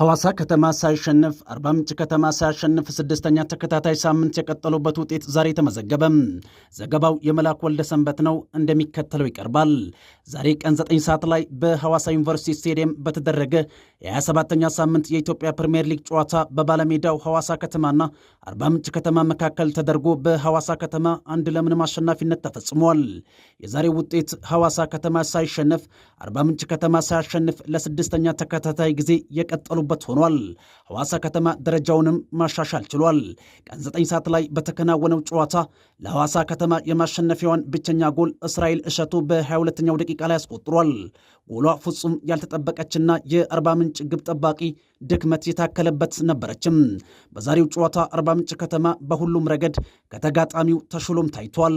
ሐዋሳ ከተማ ሳይሸንፍ አርባ ምንጭ ከተማ ሳያሸንፍ ስድስተኛ ተከታታይ ሳምንት የቀጠሉበት ውጤት ዛሬ ተመዘገበም። ዘገባው የመላክ ወልደ ሰንበት ነው፣ እንደሚከተለው ይቀርባል። ዛሬ ቀን 9 ሰዓት ላይ በሐዋሳ ዩኒቨርሲቲ ስቴዲየም በተደረገ የ27ኛ ሳምንት የኢትዮጵያ ፕሪምየር ሊግ ጨዋታ በባለሜዳው ሐዋሳ ከተማና አርባ ምንጭ ከተማ መካከል ተደርጎ በሐዋሳ ከተማ አንድ ለምንም አሸናፊነት ተፈጽሟል። የዛሬው ውጤት ሐዋሳ ከተማ ሳይሸንፍ አርባ ምንጭ ከተማ ሳያሸንፍ ለስድስተኛ ተከታታይ ጊዜ የቀጠሉ የተረጋገጡበት ሆኗል። ሐዋሳ ከተማ ደረጃውንም ማሻሻል ችሏል። ቀን 9 ሰዓት ላይ በተከናወነው ጨዋታ ለሐዋሳ ከተማ የማሸነፊያዋን ብቸኛ ጎል እስራኤል እሸቱ በ22ኛው ደቂቃ ላይ አስቆጥሯል። ጎሏ ፍጹም ያልተጠበቀችና የአርባ ምንጭ ግብ ጠባቂ ድክመት የታከለበት ነበረችም። በዛሬው ጨዋታ አርባ ምንጭ ከተማ በሁሉም ረገድ ከተጋጣሚው ተሽሎም ታይቷል።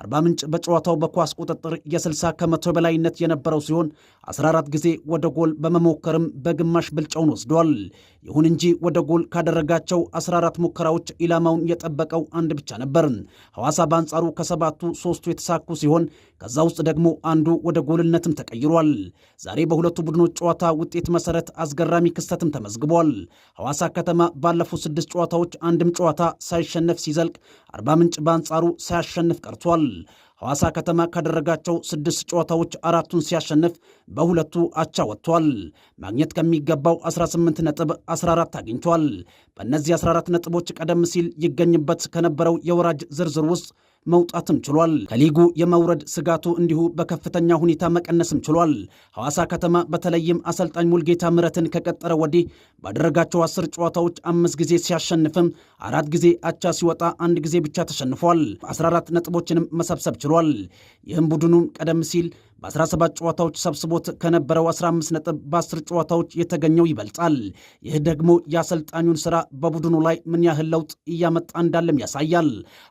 አርባ ምንጭ በጨዋታው በኳስ ቁጥጥር የ60 ከመቶ በላይነት የነበረው ሲሆን 14 ጊዜ ወደ ጎል በመሞከርም በግማሽ ብልጫውን ወስዷል። ይሁን እንጂ ወደ ጎል ካደረጋቸው 14 ሙከራዎች ኢላማውን የጠበቀው አንድ ብቻ ነበር። ሐዋሳ በአንጻሩ ከሰባቱ ሶስቱ የተሳኩ ሲሆን ከዛ ውስጥ ደግሞ አንዱ ወደ ጎልነትም ተቀይሯል። ዛሬ በሁለቱ ቡድኖች ጨዋታ ውጤት መሰረት አስገራሚ ክስተትም ተመዝግቧል። ሐዋሳ ከተማ ባለፉት ስድስት ጨዋታዎች አንድም ጨዋታ ሳይሸነፍ ሲዘልቅ፣ አርባ ምንጭ በአንጻሩ ሳያሸንፍ ቀርቷል። ሐዋሳ ከተማ ካደረጋቸው ስድስት ጨዋታዎች አራቱን ሲያሸንፍ በሁለቱ አቻ ወጥቷል። ማግኘት ከሚገባው 18 ነጥብ 14 አግኝቷል። በእነዚህ 14 ነጥቦች ቀደም ሲል ይገኝበት ከነበረው የወራጅ ዝርዝር ውስጥ መውጣትም ችሏል። ከሊጉ የመውረድ ስጋቱ እንዲሁ በከፍተኛ ሁኔታ መቀነስም ችሏል። ሐዋሳ ከተማ በተለይም አሰልጣኝ ሙልጌታ ምረትን ከቀጠረ ወዲህ ባደረጋቸው አስር ጨዋታዎች አምስት ጊዜ ሲያሸንፍም አራት ጊዜ አቻ ሲወጣ አንድ ጊዜ ብቻ ተሸንፏል። 14 ነጥቦችንም መሰብሰብ ችሏል። ይህም ቡድኑም ቀደም ሲል በ17 ጨዋታዎች ሰብስቦት ከነበረው 15 ነጥብ በ10 ጨዋታዎች የተገኘው ይበልጣል። ይህ ደግሞ የአሰልጣኙን ስራ በቡድኑ ላይ ምን ያህል ለውጥ እያመጣ እንዳለም ያሳያል።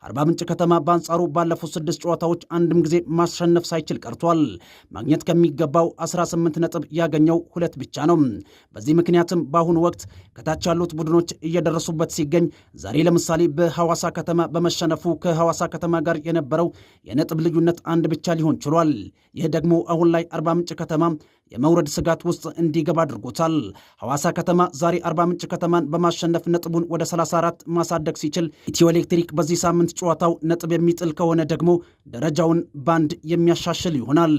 አርባ ምንጭ ከተማ በአንጻሩ ባለፉት ስድስት ጨዋታዎች አንድም ጊዜ ማሸነፍ ሳይችል ቀርቷል። ማግኘት ከሚገባው 18 ነጥብ ያገኘው ሁለት ብቻ ነው። በዚህ ምክንያትም በአሁኑ ወቅት ከታች ያሉት ቡድኖች እየደረሱበት ሲገኝ ዛሬ ለምሳሌ በሐዋሳ ከተማ በመሸነፉ ከሐዋሳ ከተማ ጋር የነበረው የነጥብ ልዩነት አንድ ብቻ ሊሆን ችሏል። ደግሞ አሁን ላይ አርባ ምንጭ ከተማ የመውረድ ስጋት ውስጥ እንዲገባ አድርጎታል። ሐዋሳ ከተማ ዛሬ አርባ ምንጭ ከተማን በማሸነፍ ነጥቡን ወደ 34 ማሳደግ ሲችል ኢትዮ ኤሌክትሪክ በዚህ ሳምንት ጨዋታው ነጥብ የሚጥል ከሆነ ደግሞ ደረጃውን ባንድ የሚያሻሽል ይሆናል።